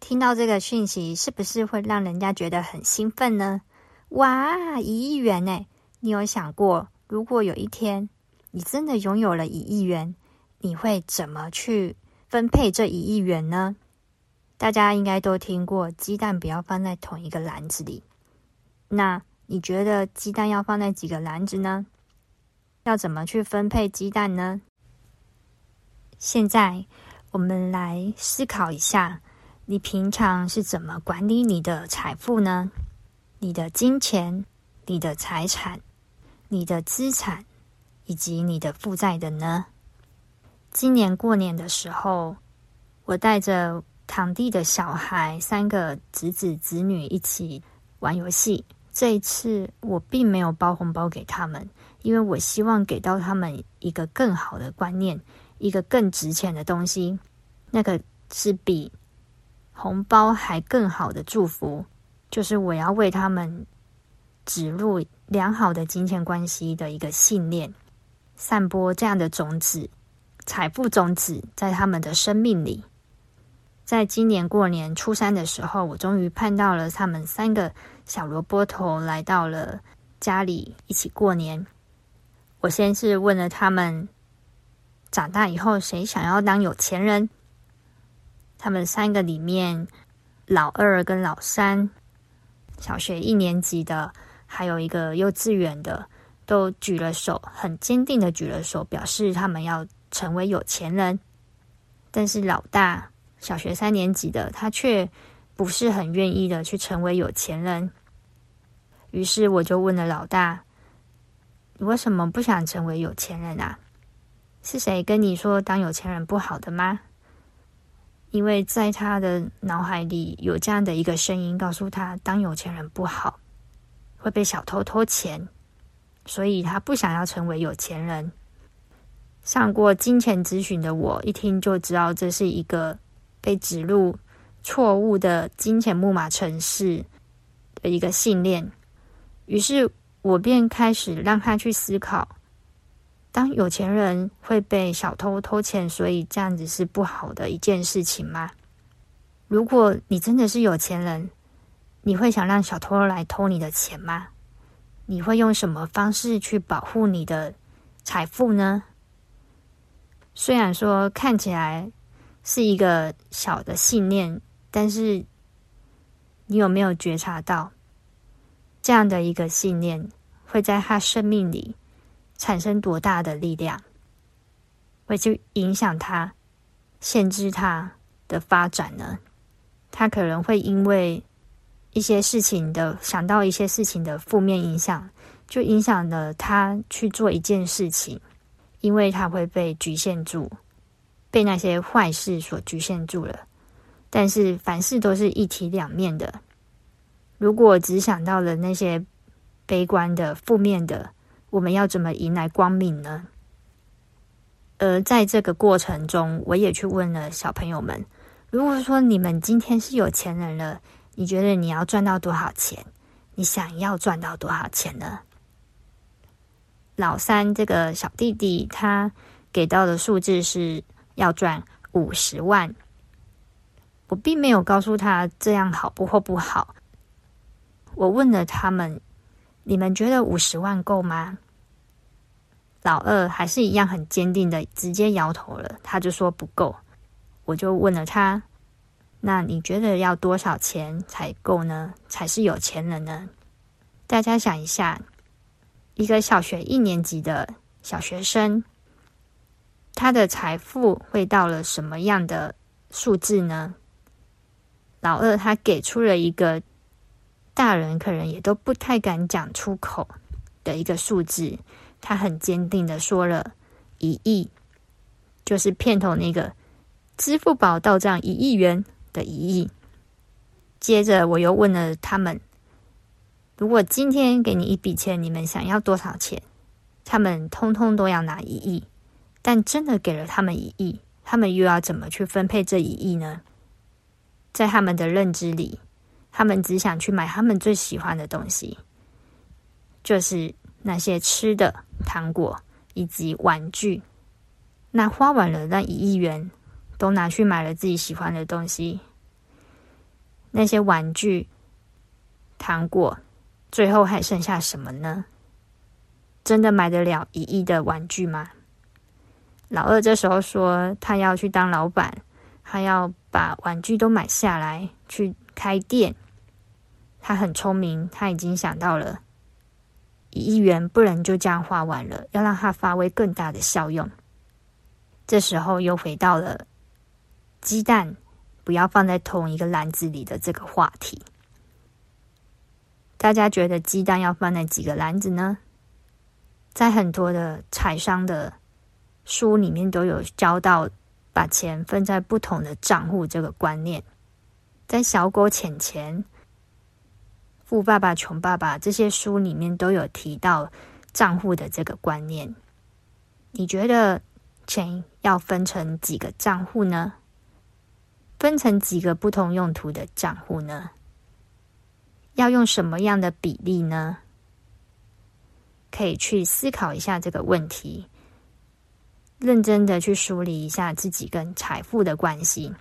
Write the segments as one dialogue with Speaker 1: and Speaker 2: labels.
Speaker 1: 聽到這個訊息，是不是會讓人家覺得很興奮呢？哇，一億元呢！你有想過，如果有一天你真的擁有了一億元，你會怎麼去分配這一億元呢？大家應該都聽過“雞蛋不要放在同一個籃子裡”，那你覺得雞蛋要放在幾個籃子呢？要怎麼去分配雞蛋呢？現在我們來思考一下。你平常是怎麼管理你的財富呢？你的金錢、你的財產、你的資產以及你的負債的呢？今年過年的時候，我帶着堂弟的小孩三個侄子侄女一起玩遊戲。這一次我並沒有包紅包給他們，因為我希望給到他們一個更好的觀念，一個更值錢的東西。那個是比。紅包還更好的祝福，就是我要為他們植入良好的金錢關係的一個信念，散播這樣的種子，財富種子在他們的生命裡。在今年過年初三的時候，我終於盼到了他們三個小蘿蔔頭來到了家裡一起過年。我先是問了他們，長大以後誰想要當有錢人？他們三個裡面，老二跟老三，小學一年級的，還有一個幼稚園的，都舉了手，很堅定的舉了手，表示他們要成為有錢人。但是老大，小學三年級的，他卻不是很願意的去成為有錢人。於是我就問了老大：“你為什麼不想成為有錢人啊？是誰跟你說當有錢人不好的嗎？”因為在他的腦海裡有這樣的一個聲音告訴他：當有錢人不好，會被小偷偷錢，所以他不想要成為有錢人。上過金錢諮詢的我一聽就知道這是一個被植入錯誤的金錢木馬程式的一個信念，於是我便開始讓他去思考。當有錢人會被小偷偷錢，所以這樣子是不好的一件事情嗎？如果你真的是有錢人，你會想讓小偷來偷你的錢嗎？你會用什麼方式去保護你的財富呢？雖然說看起來是一個小的信念，但是你有沒有覺察到這樣的一個信念會在他生命裡。產生多大的力量，會去影響他、限制他的發展呢？他可能會因為一些事情的，想到一些事情的負面影響，就影響了他去做一件事情，因為他會被局限住，被那些壞事所局限住了。但是凡事都是一體兩面的，如果只想到了那些悲觀的、負面的。我們要怎麼迎來光明呢？而在這個過程中，我也去問了小朋友們：如果說你們今天是有錢人了，你覺得你要賺到多少錢？你想要賺到多少錢呢？老三這個小弟弟，他給到的數字是要賺五十萬。我並沒有告訴他這樣好不或不好。我問了他們。你們覺得五十萬夠嗎？老二還是一樣很堅定的，直接搖頭了。他就說不夠。我就問了他：“那你覺得要多少錢才夠呢？才是有錢人呢？”大家想一下，一個小學一年級的小學生，他的財富會到了什麼樣的數字呢？老二他給出了一個。大人可能也都不太敢講出口的一個數字，他很堅定的說了一億，就是片頭那個支付寶到賬一億元的一億。接着我又問了他們，如果今天給你一筆錢，你們想要多少錢？他們通通都要拿一億，但真的給了他們一億，他們又要怎麼去分配這一億呢？在他們的認知裡。他們只想去買他們最喜歡的東西，就是那些吃的糖果以及玩具。那花完了那一億元，都拿去買了自己喜歡的東西。那些玩具、糖果，最後還剩下什麼呢？真的買得了一億的玩具嗎？老二這時候說，他要去當老闆，他要把玩具都買下來去。開店，他很聰明，他已經想到了一億元不能就這樣花完了，要讓它發揮更大的效用。這時候又回到了雞蛋不要放在同一個籃子裡的這個話題。大家覺得雞蛋要放在幾個籃子呢？在很多的財商的書裡面都有教到，把錢分在不同的賬戶這個觀念。在《小狗錢錢》《富爸爸窮爸爸》這些書裡面都有提到賬戶的這個觀念。你覺得錢要分成幾個賬戶呢？分成幾個不同用途的賬戶呢？要用什麼樣的比例呢？可以去思考一下這個問題，認真的去梳理一下自己跟財富的關係。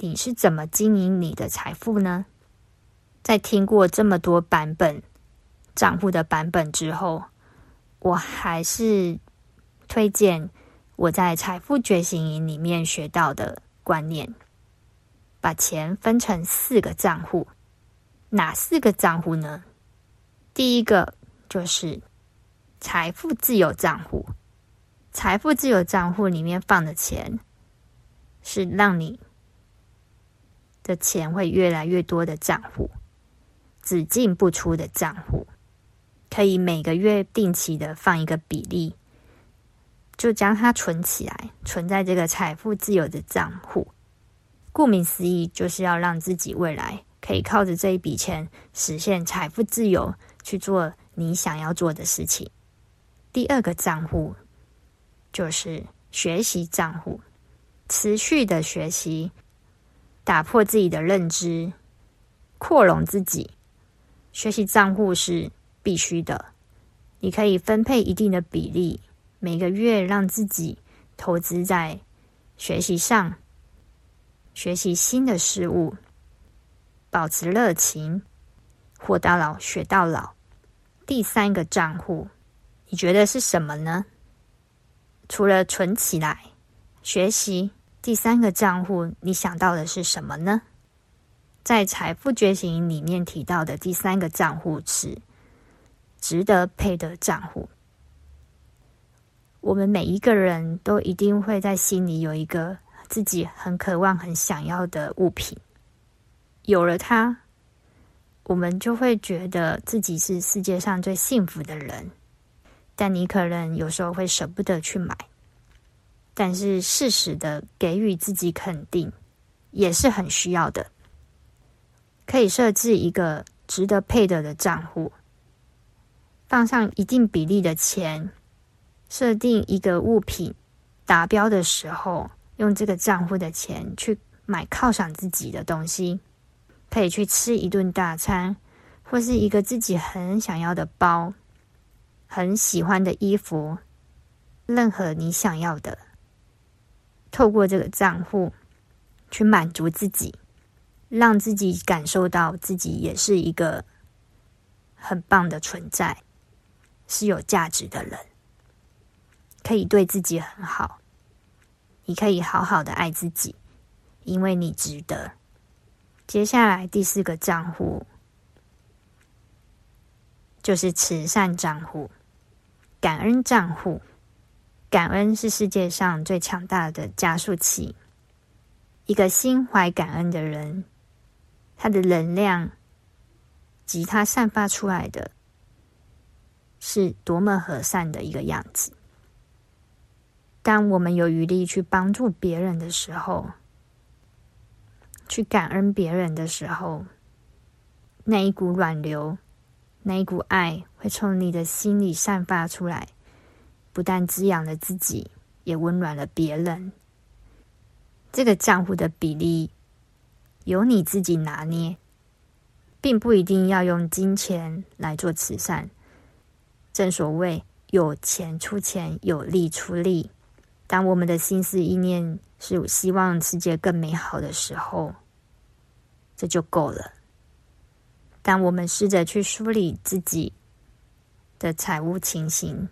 Speaker 1: 你是怎麼經營你的財富呢？在聽過這麼多版本賬戶的版本之後，我還是推薦我在財富覺醒營裡面學到的觀念：把錢分成四個賬戶。哪四個賬戶呢？第一個就是財富自由賬戶。財富自由賬戶裡面放的錢是讓你。的錢會越來越多的賬戶，只進不出的賬戶，可以每個月定期的放一個比例，就將它存起來，存在這個財富自由的賬戶。顧名思義，就是要讓自己未來可以靠着這一筆錢實現財富自由，去做你想要做的事情。第二個賬戶就是學習賬戶，持續的學習。打破自己的認知，擴容自己，學習賬戶是必須的。你可以分配一定的比例，每個月讓自己投資在學習上，學習新的事物，保持熱情。活到老，學到老。第三個賬戶，你覺得是什麼呢？除了存起來，學習。第三個賬戶，你想到的是什麼呢？在《財富覺醒》裡面提到的第三個賬戶是值得配的賬戶。我們每一個人都一定會在心裡有一個自己很渴望、很想要的物品，有了它，我們就會覺得自己是世界上最幸福的人。但你可能有時候會捨不得去買。但是適時的給予自己肯定，也是很需要的。可以設置一個值得配得的賬戶，放上一定比例的錢，設定一個物品達標的時候，用這個賬戶的錢去買犒賞自己的東西，可以去吃一頓大餐，或是一個自己很想要的包、很喜歡的衣服，任何你想要的。透過這個賬戶去滿足自己，讓自己感受到自己也是一個很棒的存在，是有價值的人，可以對自己很好，你可以好好的愛自己，因為你值得。接下來第四個賬戶就是慈善賬戶、感恩賬戶。感恩是世界上最強大的加速器。一個心懷感恩的人，他的能量及他散發出來的是多麼和善的一個樣子。當我們有餘力去幫助別人的時候，去感恩別人的時候，那一股暖流，那一股愛，會從你的心裡散發出來。不但滋養了自己，也溫暖了別人。這個賬戶的比例由你自己拿捏，並不一定要用金錢來做慈善。正所謂有錢出錢，有力出力。當我們的心思意念是希望世界更美好的時候，這就夠了。當我們試着去梳理自己的財務情形，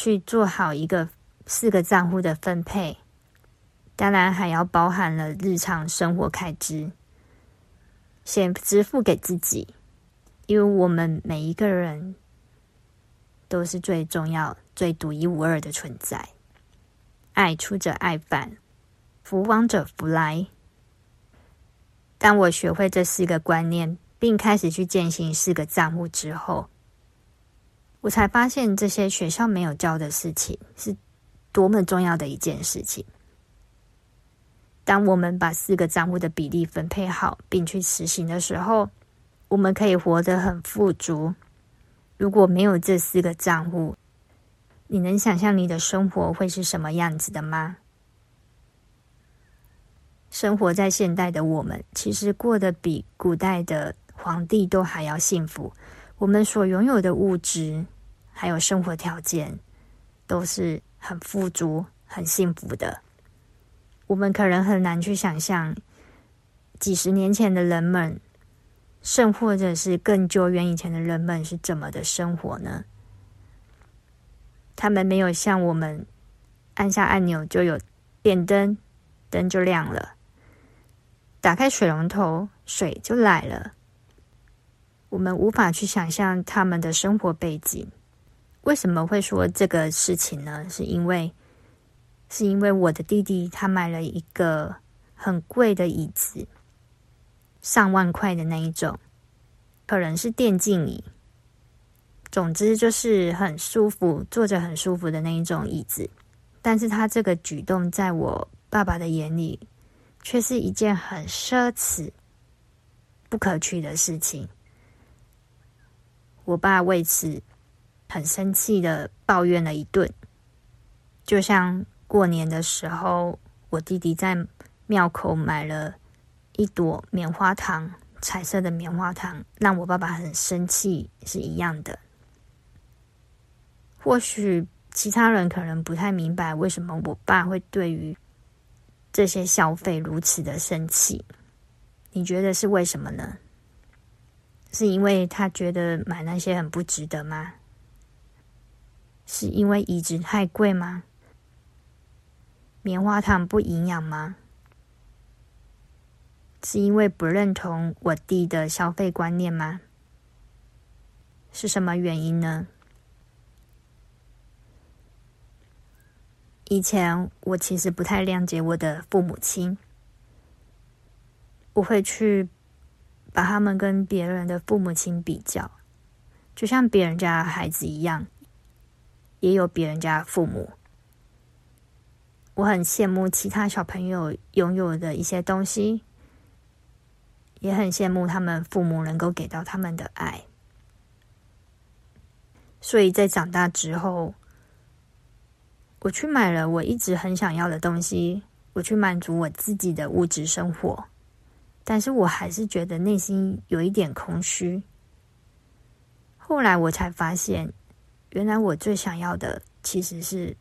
Speaker 1: 去做好一個四個賬戶的分配，當然還要包含了日常生活開支，先支付給自己，因為我們每一個人都是最重要、最獨一無二的存在。愛出者愛返，福往者福來。當我學會這四個觀念，並開始去踐行四個賬戶之後。我才發現，這些學校沒有教的事情，是多麼重要的一件事情。當我們把四個賬戶的比例分配好，並去實行的時候，我們可以活得很富足。如果沒有這四個賬戶，你能想象你的生活會是什麼樣子的嗎？生活在現代的我們，其實過得比古代的皇帝都還要幸福。我們所擁有的物質，還有生活條件，都是很富足、很幸福的。我們可能很難去想象幾十年前的人們，甚或者是更久遠以前的人們是怎麼的生活呢？他們沒有像我們按下按鈕就有電燈，燈就亮了；打開水龍頭，水就來了。我們無法去想象他們的生活背景。為什麼會說這個事情呢？是因為，是因為我的弟弟他買了一個很貴的椅子，上萬塊的那一種，可能是電競椅，總之就是很舒服，坐着很舒服的那一種椅子。但是他這個舉動，在我爸爸的眼裡，卻是一件很奢侈、不可取的事情。我爸為此很生氣的抱怨了一頓，就像過年的時候，我弟弟在廟口買了一朵棉花糖，彩色的棉花糖，讓我爸爸很生氣是一樣的。或許其他人可能不太明白為什麼我爸會對於這些消費如此的生氣，你覺得是為什麼呢？是因為他覺得買那些很不值得嗎？是因為椅子太貴嗎？棉花糖不營養嗎？是因為不認同我弟的消費觀念嗎？是什麼原因呢？以前我其實不太諒解我的父母親，不會去把他們跟別人的父母親比較，就像別人家孩子一樣，也有別人家父母。我很羨慕其他小朋友擁有的一些東西，也很羨慕他們父母能夠給到他們的愛。所以在長大之後，我去買了我一直很想要的東西，我去滿足我自己的物質生活。但是我還是覺得內心有一點空虛。後來我才發現，原來我最想要的其實是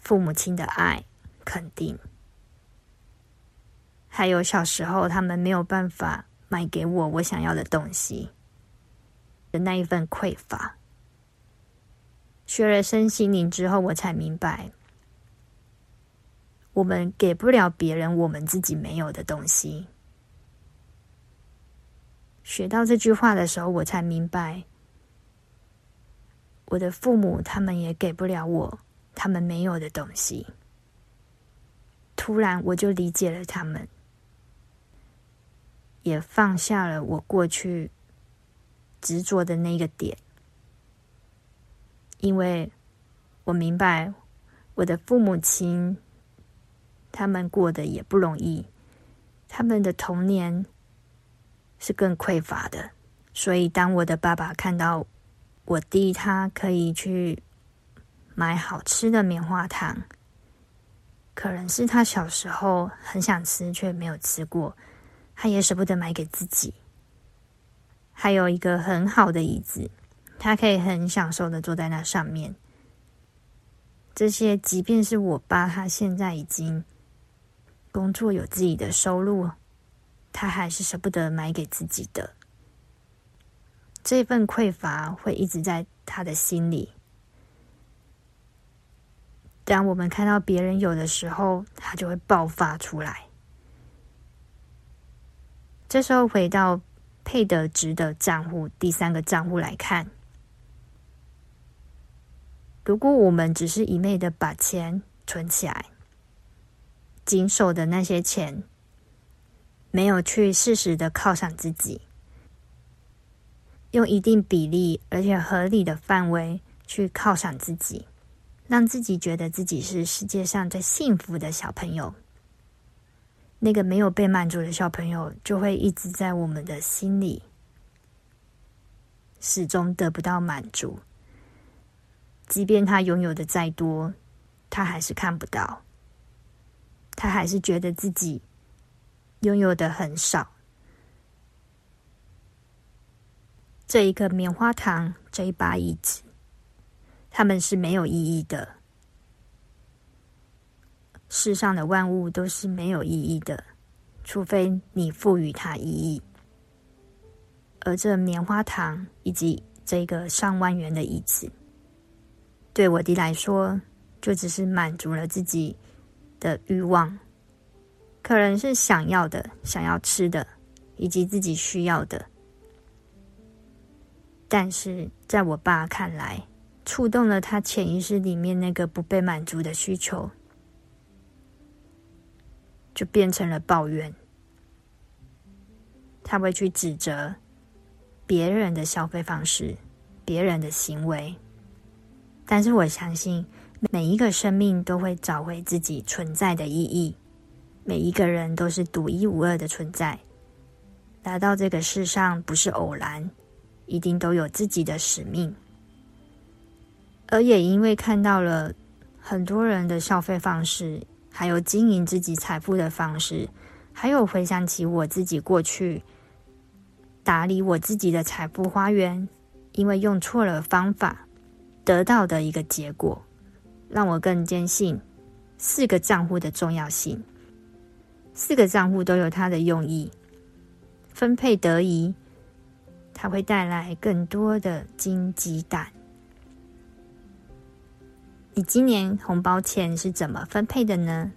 Speaker 1: 父母親的愛、肯定，還有小時候他們沒有辦法買給我我想要的東西的那一份匱乏。學了身心靈之後，我才明白，我們給不了別人我們自己沒有的東西。學到這句話的時候，我才明白，我的父母他們也給不了我他們沒有的東西。突然，我就理解了他們，也放下了我過去執着的那個點，因為我明白我的父母親他們過得也不容易，他們的童年是更匱乏的，所以當我的爸爸看到我弟，他可以去買好吃的棉花糖，可能是他小時候很想吃卻沒有吃過，他也捨不得買給自己。還有一個很好的椅子，他可以很享受的坐在那上面。這些，即便是我爸，他現在已經工作有自己的收入他還是捨不得買給自己的，這份匱乏會一直在他的心裡。當我們看到別人有的時候，他就會爆發出來。這時候回到配得值的賬戶，第三個賬戶來看，如果我們只是一昧的把錢存起來，緊守的那些錢。沒有去適時的犒賞自己，用一定比例而且合理的範圍去犒賞自己，讓自己覺得自己是世界上最幸福的小朋友。那個沒有被滿足的小朋友就會一直在我們的心裡，始終得不到滿足。即便他擁有的再多，他還是看不到，他還是覺得自己。擁有的很少，這一個棉花糖，這一把椅子，它們是沒有意義的。世上的萬物都是沒有意義，的，除非你賦予它意義。而這棉花糖以及這一個上萬元的椅子，對我弟來說，就只是滿足了自己的慾望。可能是想要的、想要吃的，以及自己需要的，但是在我爸看來，觸動了他潛意識裡面那個不被滿足的需求，就變成了抱怨。他會去指責別人的消費方式、別人的行為，但是我相信每一個生命都會找回自己存在的意義。每一個人都是獨一無二的存在，來到這個世上不是偶然，一定都有自己的使命。而也因為看到了很多人的消費方式，還有經營自己財富的方式，還有回想起我自己過去打理我自己的財富花園，因為用錯了方法得到的一個結果，讓我更堅信四個賬戶的重要性。四個賬戶都有它的用意，分配得宜，它會帶來更多的金雞蛋。你今年紅包錢是怎麼分配的呢？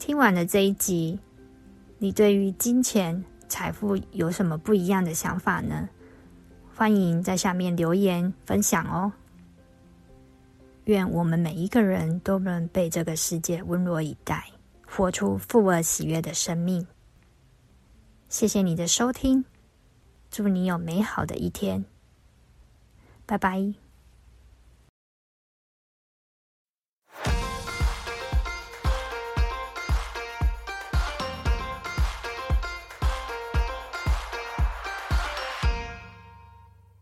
Speaker 1: 聽完了這一集，你對於金錢財富有什麼不一樣的想法呢？歡迎在下面留言分享哦。願我們每一個人都能被這個世界溫柔以待。活出富而喜悅的生命。謝謝你的收聽，祝你有美好的一天。拜拜。